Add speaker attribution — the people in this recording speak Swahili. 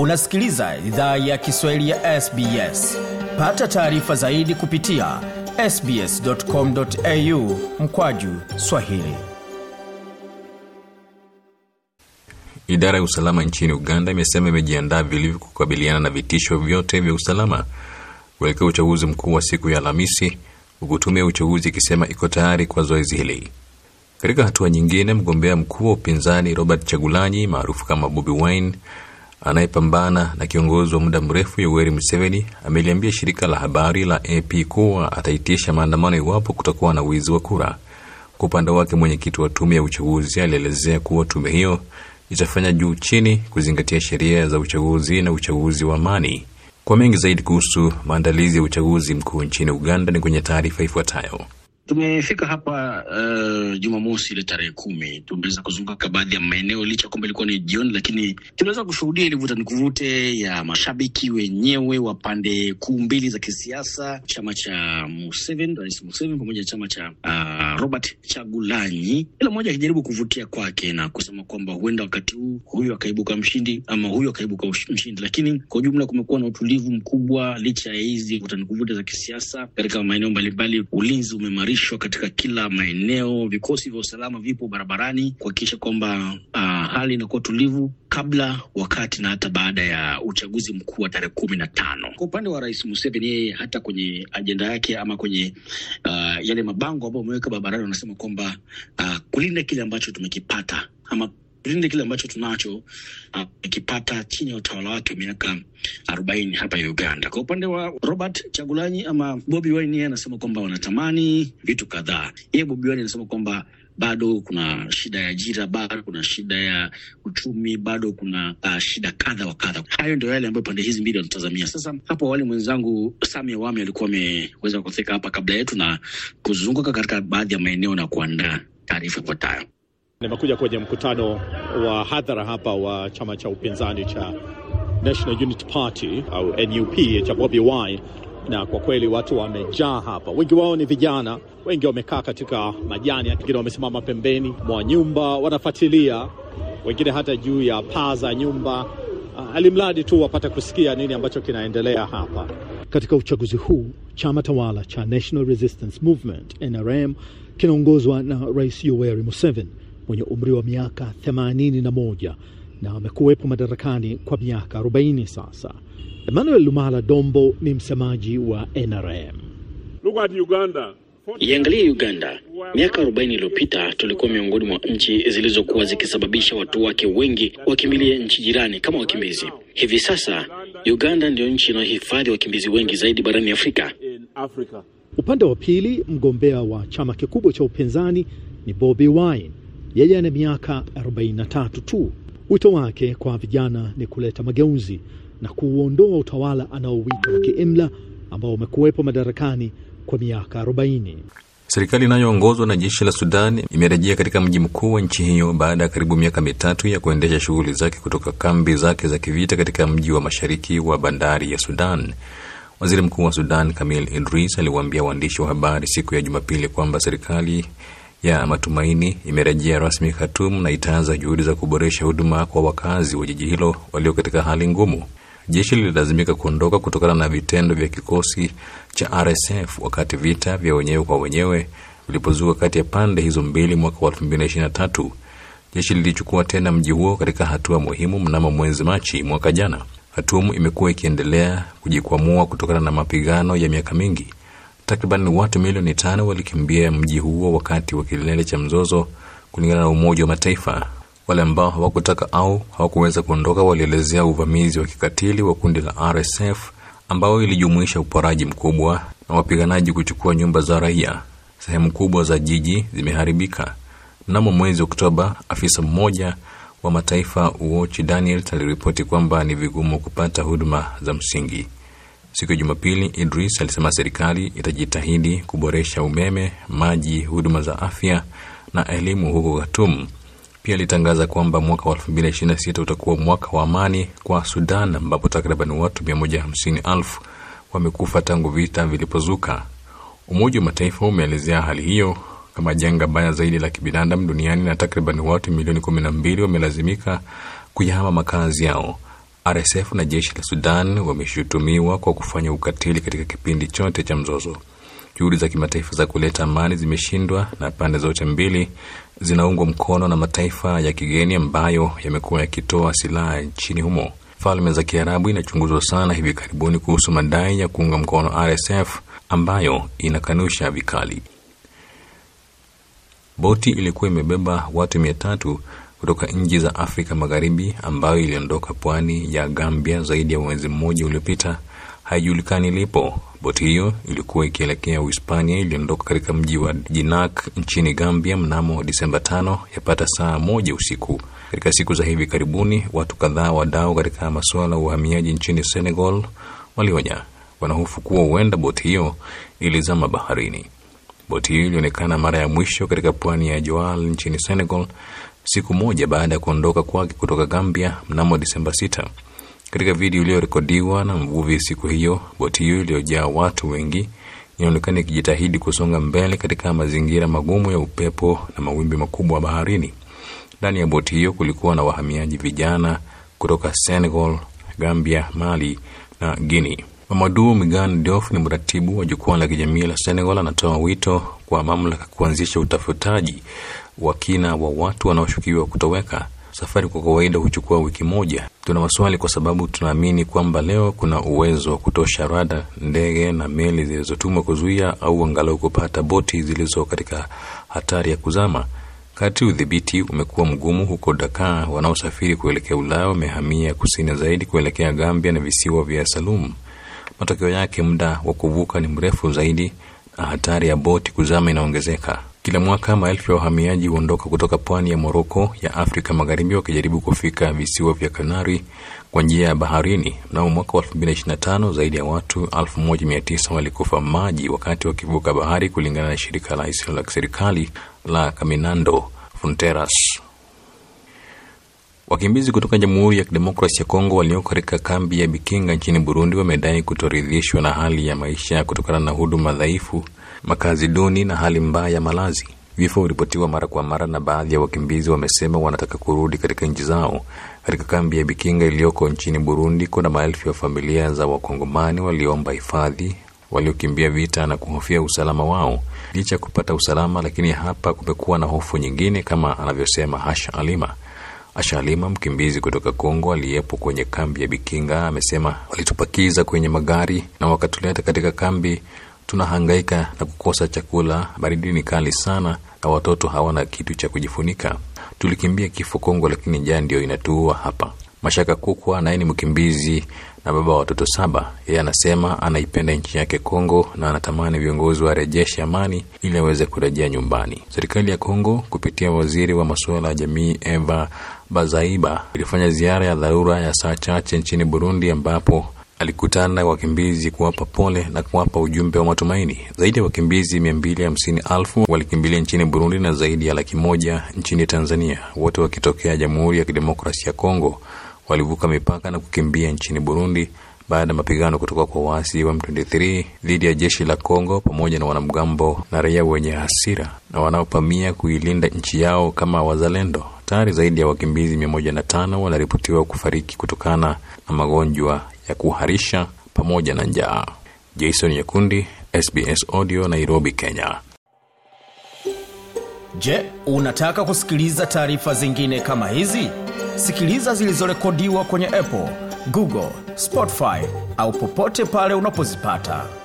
Speaker 1: unasikiliza idhaa ya kiswahili ya sbs pata taarifa zaidi kupitia sbscomau
Speaker 2: mkwaju swahili idara ya usalama nchini uganda imesema imejiandaa vilivyo kukabiliana na vitisho vyote vya usalama kuelekea uchaguzi mkuu wa siku ya alhamisi huku tume ya uchaguzi ikisema iko tayari kwa zoezi hili katika hatua nyingine mgombea mkuu wa upinzani robert chagulanyi maarufu kama bobi wine anayepambana na kiongozi wa muda mrefu Yoweri Museveni ameliambia shirika la habari la AP kuwa ataitisha maandamano iwapo kutakuwa na wizi wa kura. Kwa upande wake, mwenyekiti wa tume ya uchaguzi alielezea kuwa tume hiyo itafanya juu chini kuzingatia sheria za uchaguzi na uchaguzi wa amani. Kwa mengi zaidi kuhusu maandalizi ya uchaguzi mkuu nchini Uganda ni kwenye taarifa ifuatayo.
Speaker 1: Tumefika hapa uh, Jumamosi ile tarehe kumi tuliweza kuzunguka baadhi ya maeneo, licha kwamba ilikuwa ni jioni, lakini tuliweza kushuhudia ilivuta ni kuvute ya mashabiki wenyewe wa pande kuu mbili za kisiasa, chama cha Museveni, Rais Museveni pamoja na chama cha uh, Robert Chagulanyi, kila mmoja akijaribu kuvutia kwake na kusema kwamba huenda wakati huu huyu akaibuka mshindi ama huyu akaibuka mshindi, lakini kwa ujumla kumekuwa na utulivu mkubwa licha ya hizi vutanikuvuta za kisiasa katika maeneo mbalimbali. Ulinzi umeimarishwa katika kila maeneo, vikosi vya usalama vipo barabarani kuhakikisha kwamba uh, hali inakuwa tulivu kabla, wakati na hata baada ya uchaguzi mkuu wa tarehe kumi na tano. Kwa upande wa Rais Museveni, yeye hata kwenye ajenda yake ama kwenye uh, yale mabango ambayo ameweka Harare wanasema kwamba uh, kulinda kile ambacho tumekipata ama Kilinde kile ambacho tunacho akipata ah, chini ya utawala wake miaka arobaini hapa Uganda. Kwa upande wa Robert Chagulanyi ama Bobi Wine, yeye anasema kwamba wanatamani vitu kadhaa. Yeye Bobi Wine anasema kwamba bado kuna shida ya ajira, bado kuna shida ya uchumi, bado kuna uh, shida kadha wa kadha. Hayo ndio yale ambayo pande hizi mbili wanatazamia. Sasa hapo awali mwenzangu Sami Awami alikuwa ameweza kufika hapa kabla yetu na kuzunguka katika baadhi ya maeneo na kuandaa taarifa ifuatayo. Nimekuja kwenye mkutano wa hadhara hapa wa chama cha upinzani cha National Unity Party au NUP cha Bobi Wine, na kwa kweli watu wamejaa hapa, wengi wao ni vijana, wengi wamekaa katika majani, wengine wamesimama pembeni mwa nyumba wanafuatilia, wengine hata juu ya paa za nyumba, alimradi ah, tu wapate kusikia nini ambacho kinaendelea hapa. Katika uchaguzi huu chama tawala cha National Resistance Movement NRM kinaongozwa na Rais Yoweri Museveni mwenye umri wa miaka 81 na amekuwepo madarakani kwa miaka 40 sasa. Emmanuel Lumala Dombo ni msemaji wa NRM. Look at Uganda. Iangalie Uganda. Miaka 40 iliyopita tulikuwa miongoni mwa nchi zilizokuwa zikisababisha watu wake wengi wakimbilie nchi jirani kama wakimbizi. Hivi sasa Uganda ndiyo nchi inayohifadhi wakimbizi wengi zaidi barani Afrika. Upande wa pili, mgombea wa chama kikubwa cha upinzani ni Bobi Wine yeye ana miaka 43 tu. Wito wake kwa vijana ni kuleta mageuzi na kuuondoa utawala anaowita wa kiimla ambao umekuwepo madarakani kwa miaka 40.
Speaker 2: Serikali inayoongozwa na jeshi la Sudan imerejea katika mji mkuu wa nchi hiyo baada ya karibu miaka mitatu ya kuendesha shughuli zake kutoka kambi zake za kivita katika mji wa mashariki wa bandari ya Sudan. Waziri Mkuu wa Sudan Kamil Idris aliwaambia waandishi wa habari siku ya Jumapili kwamba serikali ya matumaini imerejea rasmi Khartoum na itaanza juhudi za kuboresha huduma kwa wakazi wa jiji hilo walio katika hali ngumu. Jeshi lililazimika kuondoka kutokana na vitendo vya kikosi cha RSF wakati vita vya wenyewe kwa wenyewe vilipozuka kati ya pande hizo mbili mwaka wa 2023. Jeshi lilichukua tena mji huo katika hatua muhimu mnamo mwezi Machi mwaka jana. Khartoum imekuwa ikiendelea kujikwamua kutokana na mapigano ya miaka mingi. Takriban watu milioni tano walikimbia mji huo wakati wa kilele cha mzozo, kulingana na Umoja wa Mataifa. Wale ambao hawakutaka au hawakuweza kuondoka walielezea uvamizi wa kikatili wa kundi la RSF ambao ilijumuisha uporaji mkubwa na wapiganaji kuchukua nyumba za raia. Sehemu kubwa za jiji zimeharibika. Mnamo mwezi Oktoba, afisa mmoja wa mataifa Uochi Daniels aliripoti kwamba ni vigumu kupata huduma za msingi. Siku ya Jumapili, Idris alisema serikali itajitahidi kuboresha umeme, maji, huduma za afya na elimu huko Khartoum. Pia alitangaza kwamba mwaka wa 2026 utakuwa mwaka wa amani kwa Sudan, ambapo takriban watu 150,000 wamekufa tangu vita vilipozuka. Umoja wa Mataifa umeelezea hali hiyo kama janga baya zaidi la kibinadamu duniani na takriban watu milioni 12 wamelazimika kuyahama makazi yao. RSF na jeshi la Sudan wameshutumiwa kwa kufanya ukatili katika kipindi chote cha mzozo. Juhudi za kimataifa za kuleta amani zimeshindwa na pande zote mbili zinaungwa mkono na mataifa ya kigeni ambayo yamekuwa yakitoa silaha nchini humo. Falme za Kiarabu inachunguzwa sana hivi karibuni kuhusu madai ya kuunga mkono RSF ambayo inakanusha vikali. Boti ilikuwa imebeba watu mia tatu kutoka nchi za Afrika Magharibi ambayo iliondoka pwani ya Gambia zaidi ya mwezi mmoja uliopita haijulikani ilipo. Boti hiyo ilikuwa ikielekea Uhispania, iliondoka katika mji wa Jinak nchini Gambia mnamo Disemba tano yapata saa moja usiku. Katika siku za hivi karibuni, watu kadhaa wadau katika masuala ya uhamiaji nchini Senegal walionya, wanahofu kuwa huenda boti hiyo ilizama baharini. Boti hiyo ilionekana mara ya mwisho katika pwani ya Joal nchini Senegal siku moja baada ya kuondoka kwake kutoka Gambia mnamo Disemba 6. Katika video iliyorekodiwa na mvuvi siku hiyo, boti hiyo iliyojaa watu wengi inaonekana ikijitahidi kusonga mbele katika mazingira magumu ya upepo na mawimbi makubwa baharini. Ndani ya boti hiyo kulikuwa na wahamiaji vijana kutoka Senegal, Gambia, Mali na Guinea. mamadu Migan dof ni mratibu wa jukwaa la kijamii la Senegal, anatoa wito kwa mamlaka kuanzisha utafutaji wa kina wa watu wanaoshukiwa kutoweka. Safari kwa kawaida huchukua wiki moja. Tuna maswali kwa sababu tunaamini kwamba leo kuna uwezo wa kutosha rada, ndege na meli zilizotumwa kuzuia au angalau kupata boti zilizo katika hatari ya kuzama. Kati udhibiti umekuwa mgumu huko Dakar, wanaosafiri kuelekea Ulaya wamehamia kusini zaidi kuelekea Gambia na visiwa vya Salum. Matokeo yake, muda wa kuvuka ni mrefu zaidi na hatari ya boti kuzama inaongezeka. Kila mwaka maelfu ya wahamiaji huondoka kutoka pwani ya Moroko ya Afrika Magharibi wakijaribu kufika visiwa vya Kanari kwa njia ya baharini. Mnamo mwaka wa 2025 zaidi ya watu 1900 walikufa maji wakati wakivuka bahari, kulingana na shirika la isilo la kiserikali la Caminando Fronteras. Wakimbizi kutoka Jamhuri ya Kidemokrasi ya Kongo walioko katika kambi ya Bikinga nchini Burundi wamedai kutoridhishwa na hali ya maisha kutokana na huduma dhaifu makazi duni na hali mbaya ya malazi. Vifo huripotiwa mara kwa mara, na baadhi ya wakimbizi wamesema wanataka kurudi katika nchi zao. Katika kambi ya Bikinga iliyoko nchini Burundi, kuna maelfu ya familia za Wakongomani walioomba hifadhi waliokimbia vita na kuhofia usalama wao. Licha ya kupata usalama, lakini hapa kumekuwa na hofu nyingine, kama anavyosema Asha Alima. Asha Alima, mkimbizi kutoka Kongo aliyepo kwenye kambi ya Bikinga, amesema walitupakiza kwenye magari na wakatuleta katika kambi tunahangaika na kukosa chakula, baridi ni kali sana na watoto hawana kitu cha kujifunika. Tulikimbia kifo Kongo, lakini njaa ndio inatuua hapa. Mashaka Kukwa naye ni mkimbizi na baba wa watoto saba. Yeye anasema anaipenda nchi yake Kongo na anatamani viongozi warejeshe amani ili aweze kurejea nyumbani. Serikali ya Kongo kupitia waziri wa masuala ya jamii Eva Bazaiba ilifanya ziara ya dharura ya saa chache nchini Burundi ambapo alikutana wakimbizi kuwapa pole na kuwapa ujumbe wa matumaini. Zaidi ya wakimbizi mia mbili hamsini elfu walikimbilia nchini Burundi na zaidi ya laki moja nchini Tanzania, wote wakitokea Jamhuri ya Kidemokrasia ya Kongo. Walivuka mipaka na kukimbia nchini Burundi baada ya mapigano kutoka kwa waasi wa M23 dhidi ya jeshi la Kongo pamoja na wanamgambo na raia wenye hasira na wanaopamia kuilinda nchi yao kama wazalendo. Tayari zaidi ya wakimbizi mia moja na tano wanaripotiwa kufariki kutokana na magonjwa ya kuharisha pamoja na njaa. Jason Nyekundi, SBS Audio, Nairobi, Kenya.
Speaker 1: Je, unataka kusikiliza taarifa zingine kama hizi? Sikiliza zilizorekodiwa kwenye Apple, Google, Spotify au popote pale unapozipata.